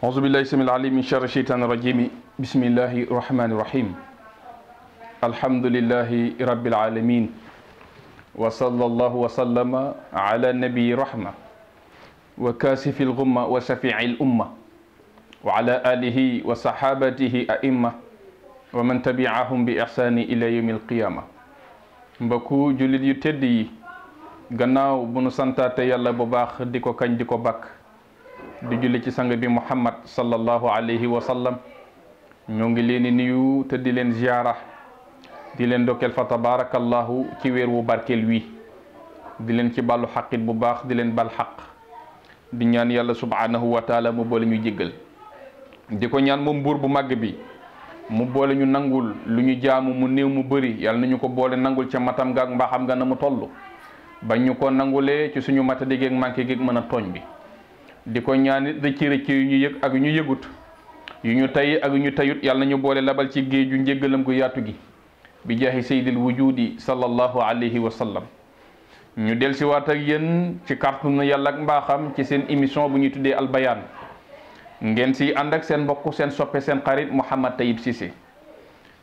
أعوذ بالله السميع العليم من شر الشيطان الرجيم بسم الله الرحمن الرحيم الحمد لله رب العالمين وصلى الله وسلم على نبي رحمة وكاسف الغمة وشفيع الأمة وعلى آله وصحابته أئمة ومن تبعهم بإحسان إلى يوم القيامة mbokku jullit yu tedd yi gannaaw bu nu santaate yàlla bu baax di ko kañ di ko bakk di julli ci sang bi muhammad sallallahu alayhi wa sallam ñoo ngi leen di nuyu te di leen ziara di leen dokkeel fa tabarakallahu ci weer wu barkeel wi di leen ci bàllu xaqit bu baax di leen bal xaq di ñaan yàlla subhanahu wa taala mu boole ñu jéggal di ko ñaan moom mbuur bu màgg bi mu boole ñu nangul lu ñu jaamu mu néew mu bari yàlla nañu ko boole nangul ca matam gaak mbaaxam nga na mu toll ba ñu ko nangulee ci suñu mata digéeg manqué géeg mën a tooñ bi di ko ñaanit rëcci rëcc yu ñu yëg ak ñu yëgut yu ñu tay ak ñu tayut yàlla nañu boole labal ci géeju njéggalam gu yaatu gi bi jaahi saydil wujudi sallallahu alayhi wa sallam ñu del si ak yéen ci kartu na yàlla ak mbaaxam ci seen émission bu ñuy tuddee albayaan ngeen si ànd ak seen mbokk seen soppe seen xarit Mouhamed Tayib Cissé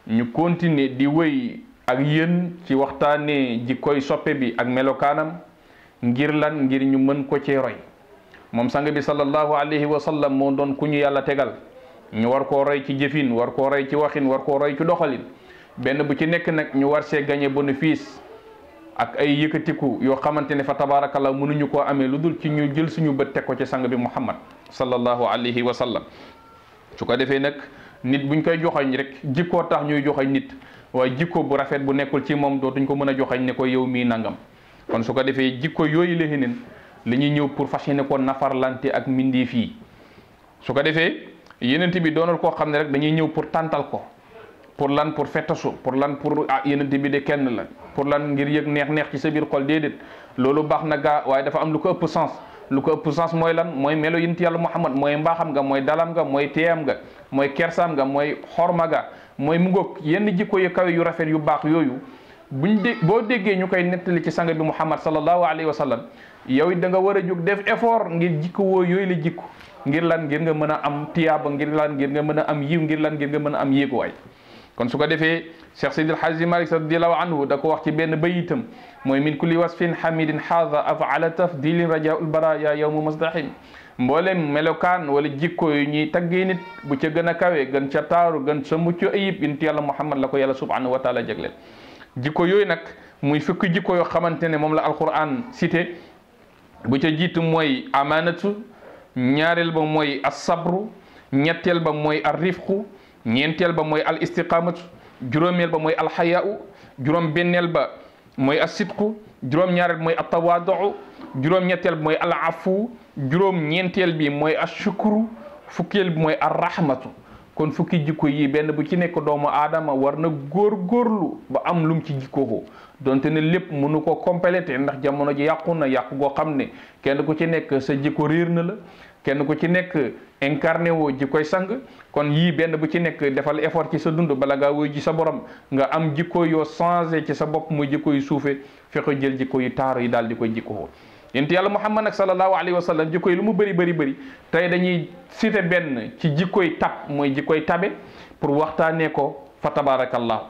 ñu continuer di wéy ak yéen ci waxtaanee ji koy soppe bi ak melokaanam ngir lan ngir ñu mën ko ci roy moom sang bi sallallahu alayhi wa sallam moo doon ku ñu yàlla tegal ñu war koo rey ci jëfin war koo rey ci waxin war koo rey ci doxalin benn bu ci nekk nag ñu war see gagné bénéfice ak ay yëkkatiku yoo xamante ne fa tabaarakallaa mënuñu ko amee lu dul ci ñu jël suñu bët teg ko ci sang bi muhammad sallallahu alayhi wa sallam su ko defee nag nit buñ koy joxoñ rek jikkoo tax ñuy joxoñ nit waaye jikko bu rafet bu nekkul ci moom dootuñ ko mën a joxoñ ne ko yow mii nangam kon li ñuy ñëw pour fas yéene ko nafarlante ak mbindeef fii su ko defee yenent bi doonal koo xam ne rek dañuy ñëw pour tantal ko pour lan pour fettasu pour lan pour ah yenent bi de kenn la pour lan ngir yëg neex-neex ci sa biir xol déedéet loolu baax na gaa waaye dafa am lu ko ëpp sens lu ko ëpp sens mooy lan mooy melo yonent yàlla Muhammad mooy mbaaxam nga mooy dalam nga mooy teeyam nga mooy kersaam nga mooy xorma nga mooy mu ngoog yenn jikko yu kawe yu rafet yu baax yooyu buñ dé boo déggee ñu koy nettali ci sang bi muhammad sallallahu alayhi wa sallam yow it da nga war a jóg def effort ngir jikko woo yooyu la jikko ngir lan ngir nga mën a am tiyaaba ngir lan ngir nga mën a am yiw ngir lan ngir nga mën a am yéeguwaay kon su ko defee cheikh seydil haaji malik radiallahu anhu da ko wax ci benn bayitam mooy min kulli wasfin hamidin haada afala tafdilin rajaul baraya yowmu masdahim mboolem melokaan wala jikko yu ñuy taggee nit bu ca gën a kawe gën ca taaru gën sa mucc ayib inti yàlla muhammad la ko yàlla subhanahu wa taala jagleel jikko yooyu nag muy fukki jikko yoo xamante ne moom la alquran cité bu ca jiitu mooy amaanatu ñaareel ba mooy asabru ñetteel ba mooy arrifqu ñeenteel ba mooy al istiqamatu juróomeel ba mooy alxayaau juróom benneel ba mooy asidqu juróom ñaareel mooy attawaaduu juróom ñetteel bi mooy alafu juróom ñeenteel bi mooy ashukru fukkeel bi mooy arrahmatu kon fukki jikko yi benn bu ci nekk doomu aadama war na góor góorgóorlu ba am lum ci jikkoo donte ne lépp mënu koo complété ndax jamono ji yàqu na yàqu goo xam ne kenn ku ci nekk sa jikko réer na la kenn ku ci nekk incarné woo jikkoy sang kon yii benn bu ci nekk defal effort ci sa dund bala ngaa wuy ji sa borom nga am jikko yoo changé ci sa bopp muy jikko yu suufee fexe jël jikko yu taaru yi daal di koy jikkoo yonent yàlla muhammad nag sallallahu alayhi wa sallam jikko yi lu mu bëri bari bëri tey dañuy cité benn ci jikkoy tab mooy jikkooy tabe pour waxtaanee ko fa tabarakallah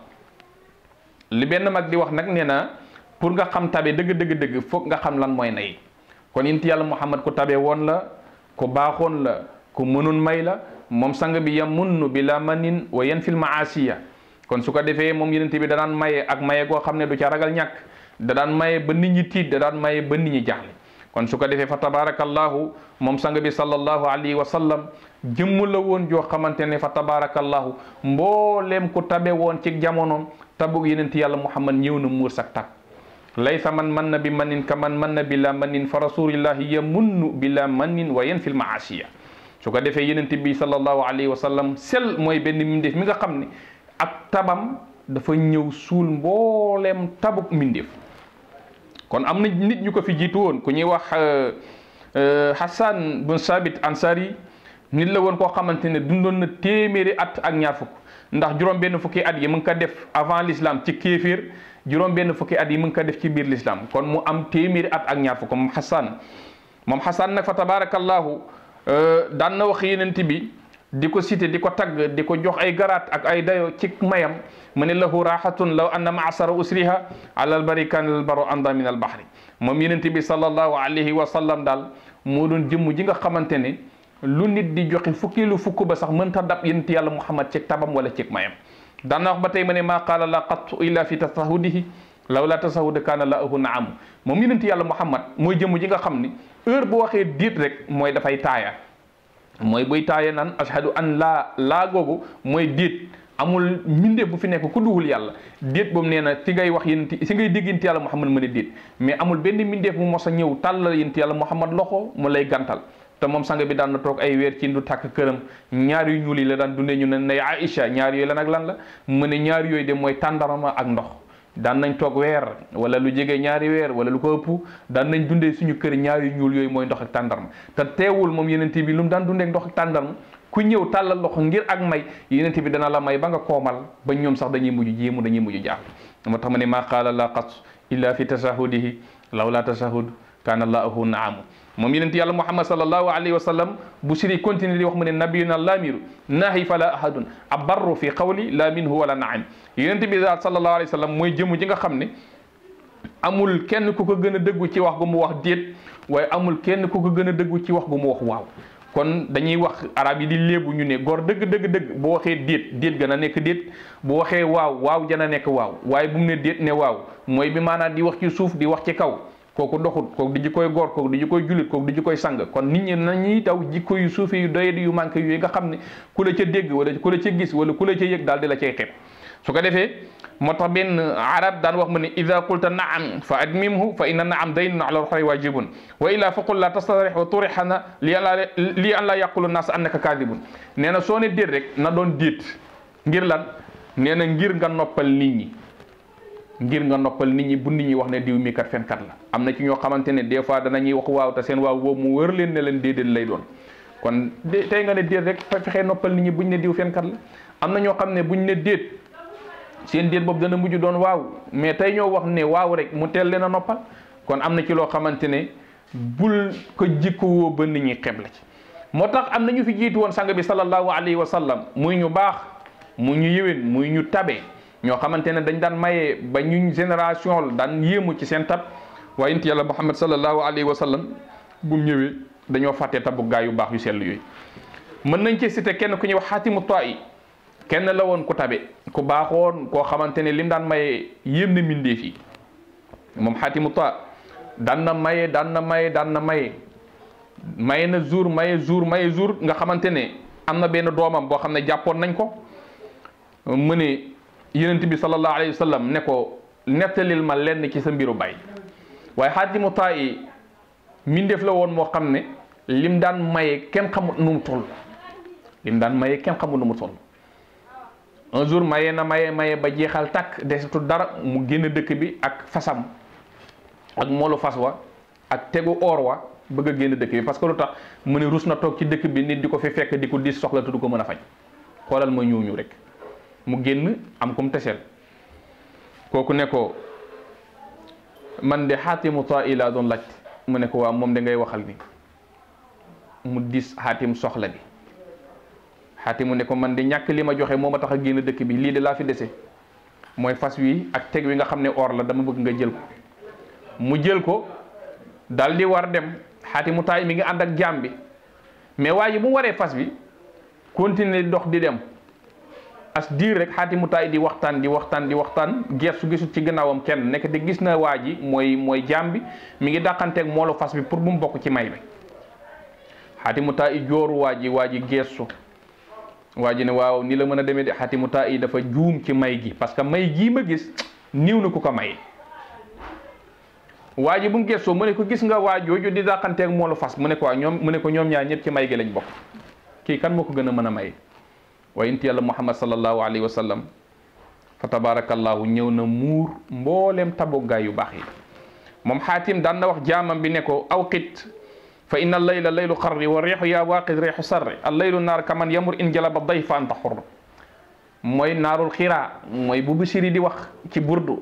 li benn mag di wax nag nee na pour nga xam tabe dëgg dëgg dëgg foog nga xam lan mooy nay kon yonent yàlla muhammad ko tabe woon la ko baaxoon la ko mënoon may la moom sang bi yamunnu bi la manin wa yanfil maasiya kon su ko defee moom yonent bi danaan maye ak maye goo xam ne du ca ragal ñàkk da daan maye ba nit ñi tiit da daan maye ba nit ñi jaaxle kon su ko defee fa tabarakallahu moom sang bi sallallahu alayhi wa sallam jëmm la woon joo xamante ne fa tabarakallahu mbooleem ku tabe woon ci jamono tabug yenent yàlla muhammad ñëw na muur sak tak laysa man man na bi manin ka man man na bi la manin fa rasulillahi yamunnu bi la manin wa yen fil maasiya su ko defee yenent bi sallallahu alayhi wa sallam sel mooy benn mindeef mi nga xam ne ak tabam dafa ñëw suul mbooleem tabug mindeef kon am na nit ñu ko fi jiitu woon ku ñuy wax euh, euh, Hassan bun Sabit Ansari nit la woon koo xamante ne dundoon na téeméeri at ak ñaar fukk ndax juróom benn fukki at yi mu ngi ko def avant l'islam ci kéefir juróom benn fukki at yi mu ngi ko def ci biir l'islam kon mu am téeméeri at ak ñaar fukk moom Hassan moom Hassan nag fa tabarakallahu euh, daan na wax yenent bi di ko cité di ko tagg di ko jox ay garaat ak ay dayo ci mayam mu ne lahu rahatun law anna maasara usriha alal bari kan al baru anda min al bahri moom yenente bi sallallahu alayhi wa sallam daal moo doon jëmm ji nga xamante ne lu nit di joxe fukki lu fukk ba sax mënta dab yenent yàlla muhammad ci tabam wala ci mayam daan na wax ba tey ma ne maa qaala la qattu illa fi tasahudihi law la tasahud kaana la ahu naamu moom yenent yàlla muhammad mooy jëmm ji nga xam ni eur bu waxee diit rek mooy dafay taaya mooy buy taaye naan ashhadu an laa laa googu mooy déet amul mbindeef bu fi nekk ku duwul yàlla déet boobu nee na si ngay wax yénti si ngay dégg yénti yàlla Muhammad mën a déet mais amul benn mbindeef bu mos a ñëw tàllal yénti yàlla Muhammad loxo mu lay gantal te moom sang bi daan na toog ay weer ci ndu tàkk këram ñaar yu ñuul yi la daan dundee ñu ne nay Aïcha ñaar yooyu la nag lan la mu ne ñaar yooyu de mooy tàndarama ak ndox daan nañ toog weer wala lu jege ñaari weer wala lu ko ëpp daan nañ dundee suñu kër ñaari ñuul yooyu mooy ndox ak tàndarma te teewul moom yeneen bi lu mu daan dundee ndox ak tàndarma ku ñëw tàllal loxo ngir ak may yeneen bi dana la may ba nga koomal ba ñoom sax dañuy mujj jéemu dañuy mujj jaax moo tax ma ne maa qaala laa qat illa fi tasahudihi law laa tasahud kaana laahu naamu moom yonent yàlla muhammad sallallahu alayhi wa sallam bu siri continue di wax mu ne nabiyuna laamiru naahi fala ahadun abarru fi qawli la minhu wala naam yonent bi daal sallallahu alayhi wa mooy jëmu ji nga xam ne amul kenn ku ko gën a dëggu ci wax gu mu wax déet waaye amul kenn ku ko gën a dëggu ci wax gu mu wax waaw kon dañuy wax arab yi di léebu ñu ne goor dëgg dëgg dëgg bu waxee déet déet gën a nekk déet bu waxee waaw waaw gën a nekk waaw waaye bu mu ne déet ne waaw mooy bi maanaan di wax ci suuf di wax ci kaw kooku doxut kooku di jikkoy góor kooku di jikkoy jullit kooku di jikkoy sang kon nit ñi nañuy daw jikko yu suufe yu doyadi yu manqué yu nga xam ne ku la dégg wala ku la gis wala ku la ca yëg daal di la cay xeeb su ko defee moo tax benn arab daan wax mu ne ida qulta naam fa admimhu fa inna naam daynun ala ruxay wajibun wa illa faqul la tastarix wa turixana li an la li an la yaqulu nas annaka kadibun nee na soo ne déet rek na doon déet ngir lan nee na ngir nga noppal nit ñi ngir nga noppal nit ñi bu nit ñi wax ne diw mi kat fenkat la am na ci ñoo xamante ne des fois danañuy wax waaw te seen waaw boobu mu wër leen ne leen déedéet lay doon kon tey nga ne déet rek fexe noppal nit ñi buñ ne diw fenkat la am na ñoo xam ne buñ ne déet seen déet boobu dana mujj doon waaw mais tey ñoo wax ne waaw rek mu teel leen a noppal kon am na ci loo xamante ne bul ko jikkowoo ba nit ñi xeeb la ci moo tax am na ñu fi jiitu woon sang bi sallallahu alayhi wa sallam muy ñu baax mu ñu yëwén muy ñu tabee ñoo xamante ne dañ daan maye ba ñu génération daan yéemu ci seen tab waaye it yàlla muhammad sallallahu alayhi wa sallam bu mu ñëwee dañoo fàttee tabu gaa yu baax yu sell yooyu. mën nañ ci cité kenn ku ñuy wax xaatimu ta'i kenn la woon ku tabe ku baaxoon koo xamante ne lim daan maye yéem na mbindeef fii moom xaatimu ta daan na maye daan na maye daan na maye maye na jour maye jour maye jour nga xamante ne am na benn doomam boo xam ne jàppoon nañ ko mu ne yonent bi sallallahu alayhi wa ne ko nettalil ma lenn ci sa mbiru bay waaye xaatimu taa yi mbindeef la woon moo xam ne lim daan maye kenn xamut nu mu toll lim daan maye kenn xamut nu mu toll un jour na maye maye ba jeexal takk desitu dara mu génn dëkk bi ak fasam ak moolu fas wa ak tegu or wa bëgg a génn dëkk bi parce que lu tax mu ne rus na toog ci dëkk bi nit di ko fi fekk di ko diis soxla te ko mën a faj xoolal ma ñëw rek. mu génn am kum tesel kooku ne ko man de xaatimu ta'i laa doon laaj mu ne ko waa moom da ngay waxal ni mu dis xaatim soxla bi xaatimu ne ko man de ñàkk li ma joxe moom ma tax a génn dëkk bi lii de laa fi dese mooy fas wi ak teg wi nga xam ne or la dama bëgg nga jël ko mu jël ko daal di war dem xaatimu taay mi ngi ànd ak jaam bi mais waa bu mu waree fas bi continuer dox di dem as diir rek xaatimu taay di waxtaan di waxtaan di waxtaan geesu gisul ci gannaawam kenn nekk te gis na waa ji mooy mooy jaam bi mi ngi dàqanteeg moolu fas bi pour bu mu bokk ci may bi xaatimu jooru waa ji waa ji geesu waa ji ne waaw nii la mën a demee de xaatimu taay dafa juum ci may gi parce que may gii ma gis niiw na ko ko may waa ji bu mu gëstoo mu ne ko gis nga waa jooju di dàqanteeg moolu fas mu ne ko waa ñoom mu ne ko ñoom ñaar ñëpp ci may gi lañ bokk kii kan moo ko gën a mën a may waaye yonent yàlla muhammad sallallahu alayhi wa fa tabarakallahu ñëw na muur mbooleem taboggaay yu baax yi moom xaatim daan na wax jaamam bi ne ko awqit fa inna layla laylu xarri wa reexu yaa waaqit reexu sarri al laylu naar kaman yamur in jalaba dayfa anta xurr mooy naarul xiraa mooy bu Busiri di wax ci burdu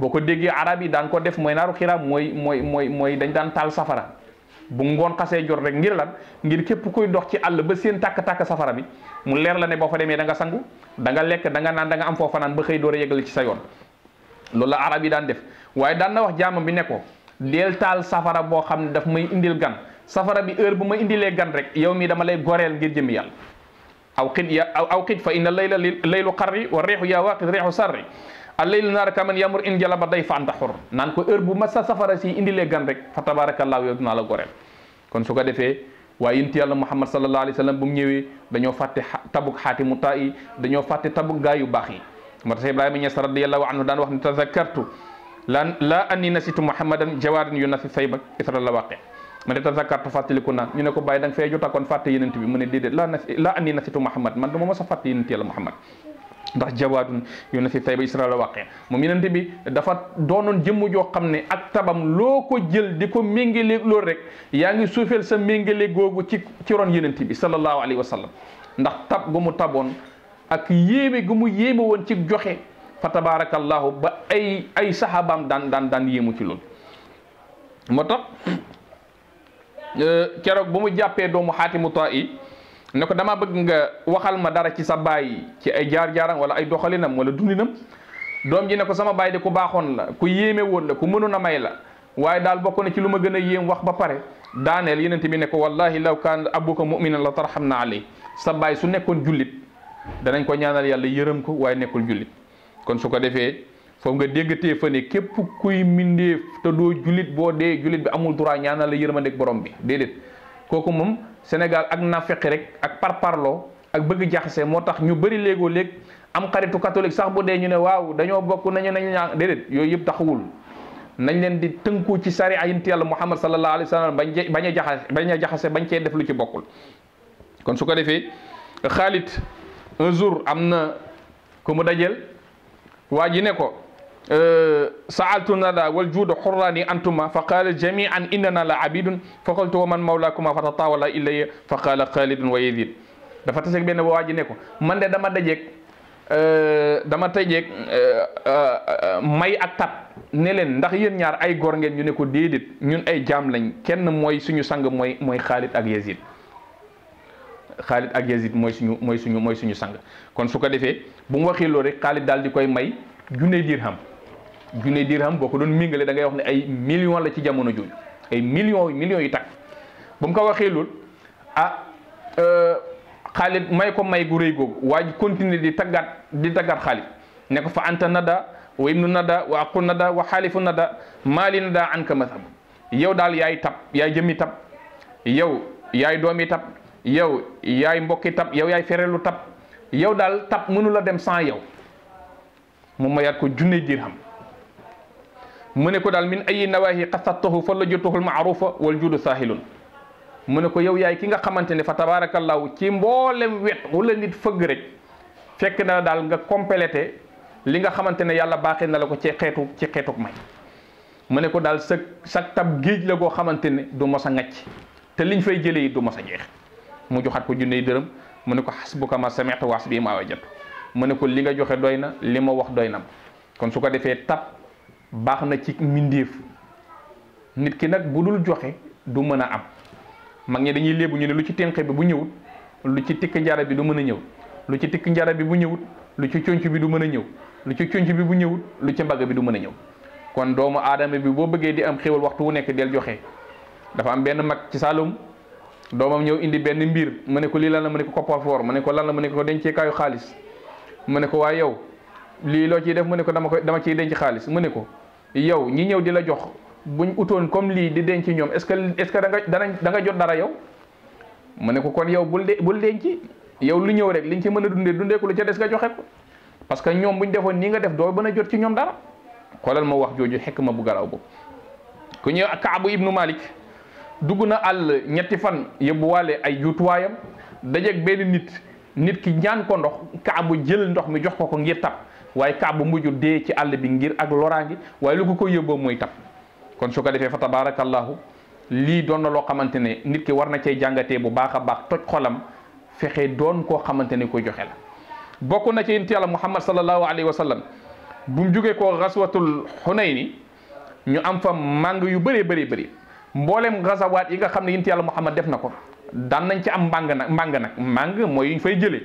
boo ko déggee arab yi daan ko def mooy naarul xiraa mooy mooy mooy mooy dañ daan taal safara bu ngoon xasee jot rek ngir lan ngir képp kuy dox ci àll ba seen tàkk-tàkk safara bi mu leer la ne boo fa demee danga sangu da nga lekk danga naan danga nga am foo fanaan ba xëy door a yeggali ci sa yoon loolu la arab yi daan def waaye daan na wax jaamam bi ne ko deel taal safara boo xam ne dafa may indil gan safara bi heure bu ma indilee gan rek yow mii dama lay goreel ngir jëm yàlla aw xit ya aw xit fa inna layla laylu xarri wa reexu yaa waaqit reexu sarri alaylu naar kaman yamur in jala ba day fa anta xor naan ko heure bu ma sa safara si indilee gan rek fa tabaarakallaahu yow dinaa la goreel kon su ko defee waaye yonent yàlla muhammad sallallahu alayhi wa sallam bu mu ñëwee dañoo fàtte tabuk xaatimu taa yi dañoo fàtte tabuk gaa yu baax yi moo tax ibrahima ñes radiallahu anhu daan wax ne tazakartu lan laa anni nasitu muhammadan jawaadan yu nasi sayba isra la waqe ma ne tazakartu fàttaliku naa ñu ne ko bàyyi da nga fee jotakoon fàtte bi mu ne déedéet laa nasi laa anni man duma mos a fàtte yonent yàlla muhammad ndax jawaadun yu si fi tay ba israel waqe moom yenente bi dafa doonoon jëmm joo xam ne ak tabam loo ko jël di ko méngaleeg loolu rek yaa ngi suufeel sa méngale googu ci ci ron yenente bi sallallahu alayhi wa sallam ndax tab gu mu taboon ak yéeme gu mu yéeme ci joxe fa tabarakallahu ba ay ay daan daan daan yéemu ci lool moo tax euh, keroog ba mu jàppee doomu xaatimu taa ne ko damaa bëgg nga waxal ma dara ci sa baay ci ay jaar-jaaram wala ay doxalinam wala dundinam doom ji ne ko sama baay de ko baaxoon la ku yéeme woon la ku mënoon a may la waaye daal bokk na ci lu ma gën a yéem wax ba pare daaneel yenente bi ne ko wallahi law kaan abuka muminan la tarxam na alay sa baay su nekkoon jullit danañ ko ñaanal yàlla yërëm ko waaye nekkul jullit kon su ko defee foofu nga déggatee fa ne képp kuy mindeef te doo jullit boo dee jullit bi amul droit ñaanal la yërëmandeeg borom bi déedéet Sénégal ak nafeqi rek ak parparloo ak bëgg jaxase moo tax ñu bëri léegoo léeg am xaritu catholique sax bu dee ñu ne waaw dañoo bokk nañu nañu ñaa déedéet yooyu yëpp taxawul nañ leen di tënku ci sari ayinti yàlla muhammad sallallahu alayhi wa sallam bañ bañ a jaxase bañ a jaxase bañ cee def lu ci bokkul kon su ko defee Xaalit un am na ko mu dajeel waa ji ne ko sa nada wal juuda hurrani antuma fa qala jami'an innana la abidun fa qultu wa man mawlakuma fa tatawala ilayya fa qala khalidun wa yazid dafa taseeg benn wa ji ne man de dama dajeeg euh, dama tajeeg euh, euh, may ak tat ne leen ndax yéen ñaar ay góor ngeen ñu ne ko déedéet ñun ay jaam lañ kenn mooy suñu sang mooy mooy Khalid ak Yazid Khalid ak mooy suñu mooy suñu mooy suñu sang kon su ko defee bu mu waxee loolu rek Khalid daal di koy may junne dirham junne dirham boo ko doon mingale da ngay wax ne ay millions la ci jamono jooju ay millions millions yu takk ba mu ko waxee lool ah euh, Xaalid may ko may gu rëy googu waa ji continuer di taggaat di taggaat Xaalid ne ko fa anta nada wa ibnu nada wa aqu nada wa xaalifu nada maali nada an ka masab yow daal yaay tab yaay jëmmi tab yow yaay doomi tab yow yaay mbokki tab yow yaay ferelu tab yow daal tab mënu la dem sans yow mu mayaat ko junne mu ne ko daal min ayi nawaahi xasattuhu fa la jotuhul maarufa wal judu saahilun mu ne ko yow yaay ki nga xamante ne fa tabaarakallaahu ci mboolem wet wala nit fëgg rek fekk na daal nga complété li nga xamante ne yàlla baaxee na la ko ci xeetu ci xeetuk may mu ne ko daal sa sa tab géej la goo xamante ne du mos a ngacc te liñ fay jëlee it du mos a jeex mu joxaat ko junney dërëm mu ne ko bu xasbuka ma sami'ta waas bii ma maa jot mu ne ko li nga joxe doy na li ma wax doy na baax na ci mbindéef nit ki nag bu dul joxe du mën a am mag ñi dañuy léebu ñu ne lu ci tenqe bi bu ñëwut lu ci tikk njara bi du mën a ñëw lu ci tikk njara bi bu ñëwut lu ci conc bi du mën a ñëw lu ci conc bi bu ñëwut lu ci mbagg bi du mën a ñëw kon doomu aadama bi boo bëggee di am xéwal waxtu wu nekk del joxe dafa am benn mag ci Saloum doomam ñëw indi benn mbir mu ne ko lii lan la mu ne ko coffre mu ne ko lan la mu ne ko dencee kaayu xaalis mu ne ko waaye yow lii loo ciy def mu ne ko dama koy dama ciy denc xaalis mu ne ko yow ñi ñëw di la jox bu ñu utoon comme lii di denc ñoom est-ce que est-ce nga danañ da jot dara yow mu ne ko kon yow bu de bul denc yow lu ñëw rek liñ ci mën a dundee dundee ku la ca des nga joxe ko parce que ñoom bu ñu defoon nii nga def doo mën a jot ci ñoom dara xoolal ma wax jooju xekk ma bu garaaw boobu ku ñëw Kaabu Ibnu Malik dugg na àll ñetti fan yóbbuwaale ay juutuwaayam dajeeg benn nit nit ki ñaan ko ndox Kaabu jël ndox mi jox ko ko ngir tap waaye kàbbu mujj dee ci àll bi ngir ak loraangi waaye lu ko koy yóbboo mooy tam kon su ko defee fa tabarakallahu lii doon na loo xamante ne nit ki war na cay jàngatee bu baax a baax toj xolam fexe doon koo xamante ne koy joxe la bokk na ci yonent yàlla muhammad sallallahu alayhi wa sallam bu mu jógee ko xaswatul xunayni ñu am fa màng yu bëree bëri bëri mboolem xasawaat yi nga xam ne yonent yàlla muhammad def na ko daan nañ ci am mbàng nag mbàng nag mbàng mooy ñu fay jëlee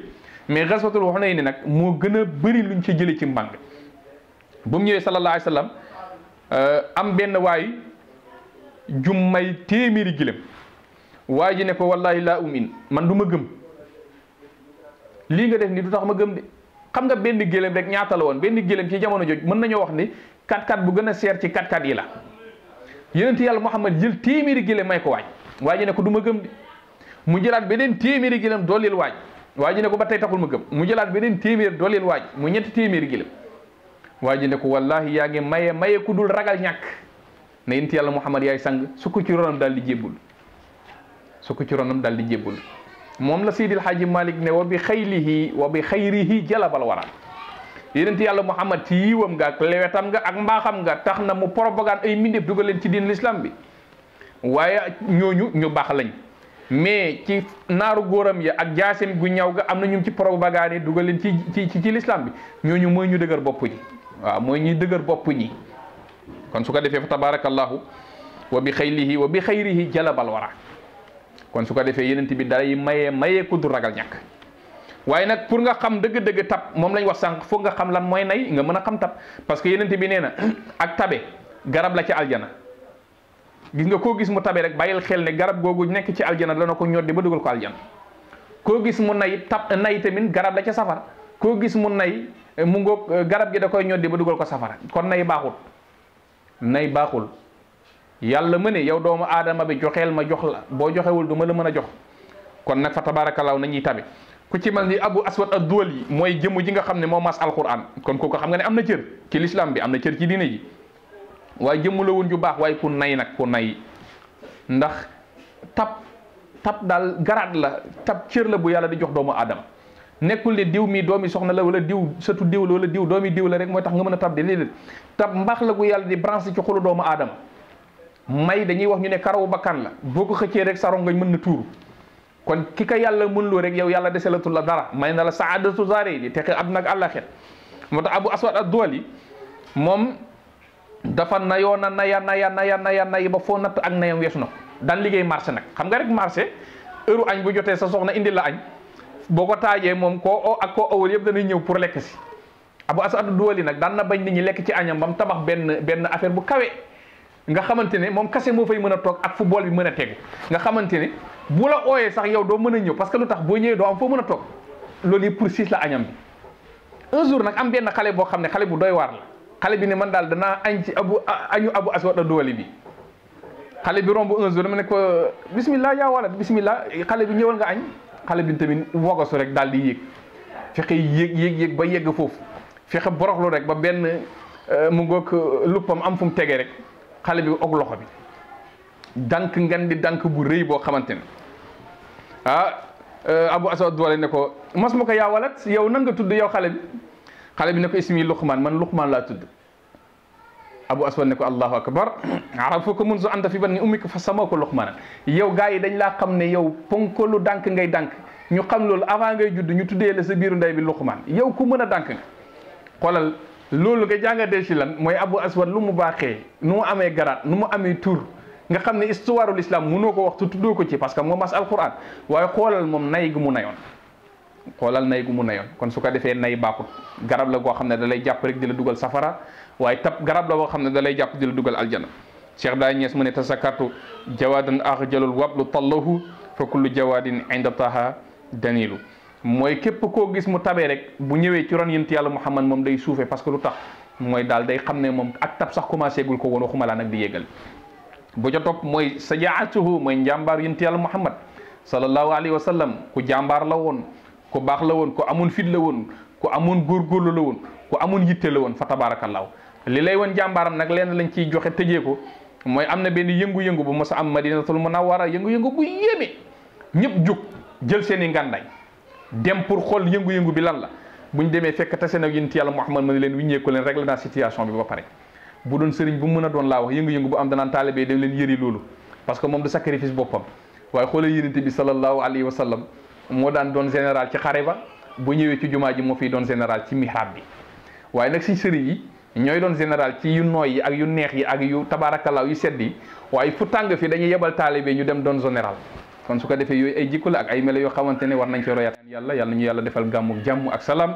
mais wax xaswatul Hunayn nag moo gën a bëri luñ ci jëlee ci mbàng bu mu ñëwee sallallahu alayhi wasallam euh, am benn waay jum may téeméeri gilem waaye ju ne ko wallahi laa umin man du ma gëm lii nga def nii du tax ma gëm de xam nga benn gélém rek ñaata la woon benn gélém ci jamono jooju mën nañoo wax ni kat-kat bu gën a seer ci kat-kat yi la yonent yàlla Muhammad jël téeméeri gélém may ko waaj waa ji ne ko duma gëm de mu jëlaat beneen téeméeri gélém dooleel waaj waa ji ne ko ba tey taxul ma gëm mu jëlaat beneen téeméer dooleel waaj mu ñetti téeméer gi la waa ji ne ko wallahi yaa ngi maye maye ku dul ragal ñàkk ne yent yàlla muhammad yaay sang su ko ci ronam daal di jébbul su ko ci ronam daal di jébbul moom la seydil xaaji malik ne wa bi xaylihi wa bi xayrihi jalabal wara yenent yàlla muhammad ci yiwam nga ak lewetam nga ak mbaaxam nga tax na mu propagande ay mbindeef dugal leen ci diin l'islam bi waaye ñooñu ñu baax lañ mais ci naaru góoram ya ak jaasim gu ñaw ga am na ñu ci propagande yi dugal leen ci ci ci l'islam bi ñooñu mooy ñu dëgër bopp ñi waaw mooy ñu dëgër bopp ñi kon su ko defee fa tabarakallahu wa bi xaylihi wa bi xayrihi jalabal wara kon su ko defee yenent bi dara yi mayee mayee ku du ragal ñàkk waaye nag pour nga xam dëgg-dëgg tab moom lañu wax sànq foog nga xam lan mooy nay nga mën a xam tab parce que yenent bi nee na ak tabe garab la ci aljana gis nga koo gis mu tabe rek bàyyil xel ne garab googu nekk ci aljana dana ko ñoddi ba dugal ko aljana koo gis mu nay tab nay tamit garab la ca safara koo gis mu nay eh, mu ngoog eh, garab gi da koy ñoddi ba dugal ko safara kon nay baaxul nay baaxul yàlla ma ne yow doomu aadama bi joxeel ma jox la boo joxewul du ma la mën a jox kon nag fa tabaarakallaahu nañuy tabe ku ci mel ni abu aswad ad yi mooy jëmm ji nga xam ne moo mas alquran kon kooku xam nga ne am na cër ci lislaam bi am na cër ci diine ji waaye jëmm la woon ju baax waaye ku nay nag ku nay ndax tap tap daal garaat la tab cër la bu yàlla di jox doomu aadama nekkul ne diw mi doomi soxna la wala diw sëtu diw la wala diw doomi diw la rek mooy tax nga mën a tab di léeg tab mbaax la gu yàlla di branché ci xolu doomu aadama may dañuy wax ñu ne karawu bakkan la boo ko xëccee rek sa rongañ mën na tuuru kon ki ka yàlla mën loo rek yow yàlla deselatu la dara may na la saadatu zaare di texe àdduna ak àllaaxira moo tax dafa nayoo na naya naya naya naya nay ba foo natt ak nayam weesu na ko daan liggéey marché nag xam nga rek marché heure añ bu jotee sa soxna indi la añ boo ko taajee moom koo o ak koo awal yëpp danay ñëw pour lekk si abu asad duwali nag daan na bañ nit ñi lekk ci añam ba mu tabax benn benn affaire bu kawe nga xamante ne moom kase moo fay mën a toog ak football bi mën a tegu nga xamante ne bu la ooyee sax yow doo mën a ñëw parce que lu tax boo ñëwee doo foo mën a toog loolu yëpp pour siis la añam bi nag am benn xale boo xam ne xale bu doy waar la xale bi ne man daal danaa añ ci abu añu abu aswad aduwali bi xale bi romb un jour dama ne yaa wala bismillah xale bi ñëwal nga añ xale bi tamit wogasu rek daal di yéeg fexe yéeg yéeg yéeg ba yegg foofu fexe boroxlu rek ba benn euh, mu ngoog euh, luppam am fu mu tegee rek xale bi og loxo bi dànk ngan di dànk bu rëy boo xamante ne ah euh, abu aswad aduwali ne ko mas ma ko yaa walat yow nan nga tudd yow xale bi xale bi ne ko ismi luqmaan man luqmaan laa tudd abu aswad ne ko allahu akbar arafuka munzu anta fi batni ummika fa samoo ko luqmaan yow gars yi dañ laa xam ne yow ponkalu dànk ngay dànk ñu xam loolu avant ngay judd ñu tuddee la sa biiru ndey bi luqmaan yow ku mën a dànk nga xoolal loolu nga jàngatee si lan mooy abu aswad lu mu baaxee nu mu amee garaat nu mu amee tur nga xam ne histoire l'islam mënoo ko wax te tuddoo ko ci parce que moom mas alquran waaye xoolal moom nay gu mu nayoon xoolal nay gu mu nayoon kon su ko defee nay baaxut garab la goo xam ne da lay jàpp rek di la dugal safara waaye tab garab la boo xam ne da lay jàpp di la dugal aljana cheikh daa ñees mu ne tasakartu jawaadan axjalul wablu tallahu fa kullu jawaadin inda taha danilu mooy képp koo gis mu tabee rek bu ñëwee ci ron yent yàlla muhammad moom day suufee parce que lu tax mooy daal day xam ne moom ak tab sax commencé gul ko woon waxuma laa nag di yégal bu ca topp mooy sajaatuhu mooy njàmbaar yent yàlla muhammad sallallahu alayhi wa sallam ku jàmbaar la woon ko baax la woon ko amoon fit la woon ku amoon góorgóorlu la woon ku amoon yitte la woon fa tabaarakallaahu li lay woon jàmbaaram nag lenn lañ ciy joxe tëjee ko mooy am na benn yëngu-yëngu bu mos a am madinatul munawwara yëngu-yëngu bu yéeme ñëpp jóg jël seen i ngàndaay dem pour xool yëngu-yëngu bi lan la buñ demee leen wiññeeku leen réglé naa situation bi ba pare bu doon a doon laa yëngu-yëngu bu am danaan taalibé dem leen yëri loolu parce que moom du sacrifice boppam waaye xoolal yonent bi sallallahu alayhi wa moo daan doon général ci xare ba bu ñëwee ci jumaa ji moo fiy doon général ci mihrab bi waaye nag si sëriñ yi ñooy doon général ci yu nooy yi ak yu neex yi ak yu tabaarakalaaw yu sedd yi waaye fu tàng fi dañuy yebal taalibe ñu dem doon général kon su ko defee yooyu ay jikko ak ay melo yoo xamante ne war nañ ci royaat yàlla yàlla ñu yàlla defal gàmmu jàmm ak salaam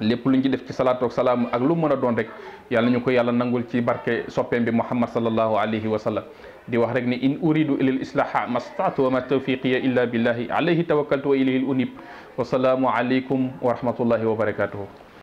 lépp luñ ci def ci salaatu ak salaam ak lu mën a doon rek yàlla ñu ko yàlla nangul ci barke soppeem bi muhammad sallallahu alayhi wa sallam di wax rek ne in uridu ila lislaha mastaatu wa ma tawfiqiya illa billahi alayhi tawakkaltu wa ilayhi l unib wasalaamu aleykum wa rahmatullahi wa barakatuhu